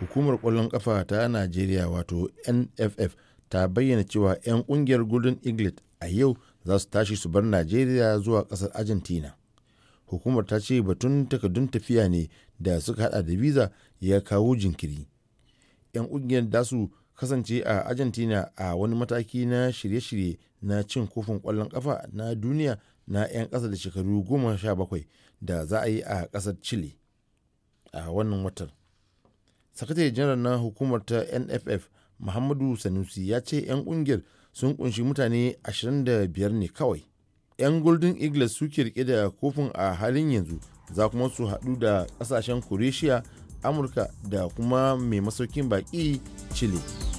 hukumar kwallon kafa ta najeriya wato nff ta bayyana cewa 'yan kungiyar golden eaglet a yau za su tashi su bar najeriya zuwa kasar argentina hukumar ta ce batun takardun tafiya ne da suka hada da visa ya kawo jinkiri 'yan kungiyar da su kasance a argentina a wani mataki na shirye-shirye na cin kofin kwallon kafa na duniya na 'yan kasa da shekaru goma sha bakwai da za a yi a ƙasar chile a wannan watan sakatare janar na hukumar ta nff muhammadu sanusi ya ce 'yan kungiyar sun kunshi mutane 25 ne kawai 'yan golden eagles suke rike da kofin a halin yanzu za kuma su hadu da kasashen croatia amurka da kuma mai masaukin baƙi chile